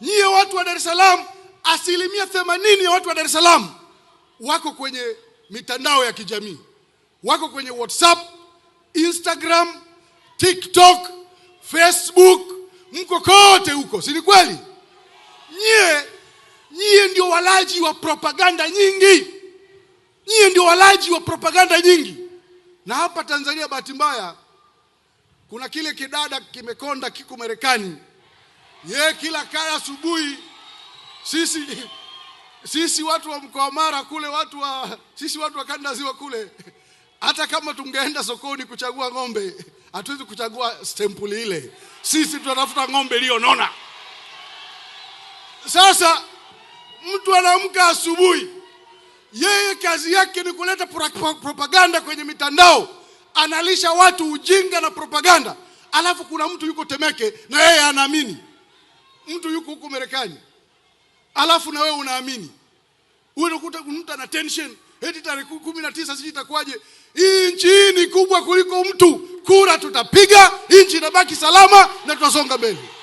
Nyiye watu wa Dar es Salaam, asilimia themanini ya watu wa Dar es Salaam wako kwenye mitandao ya kijamii, wako kwenye WhatsApp, Instagram, TikTok, Facebook, mko kote huko, si ni kweli? Nyie nyie ndio walaji wa propaganda nyingi, nyie ndio walaji wa propaganda nyingi. Na hapa Tanzania bahati mbaya kuna kile kidada kimekonda, kiko Marekani yeye kila kaya asubuhi, sisi sisi watu wa mkoa Mara kule, watu wa sisi watu wa kanda ziwa kule, hata kama tungeenda sokoni kuchagua ng'ombe hatuwezi kuchagua stempuli ile. Sisi tunatafuta ng'ombe iliyonona. Sasa mtu anaamka asubuhi, yeye kazi yake ni kuleta propaganda kwenye mitandao, analisha watu ujinga na propaganda, alafu kuna mtu yuko Temeke na yeye anaamini mtu yuko huko Marekani alafu na wewe unaamini, unakuta mtu ana tension eti tarehe kumi na tisa sijui itakuwaje. Hii nchi hii ni kubwa kuliko mtu, kura tutapiga, nchi inabaki salama na tutasonga mbele.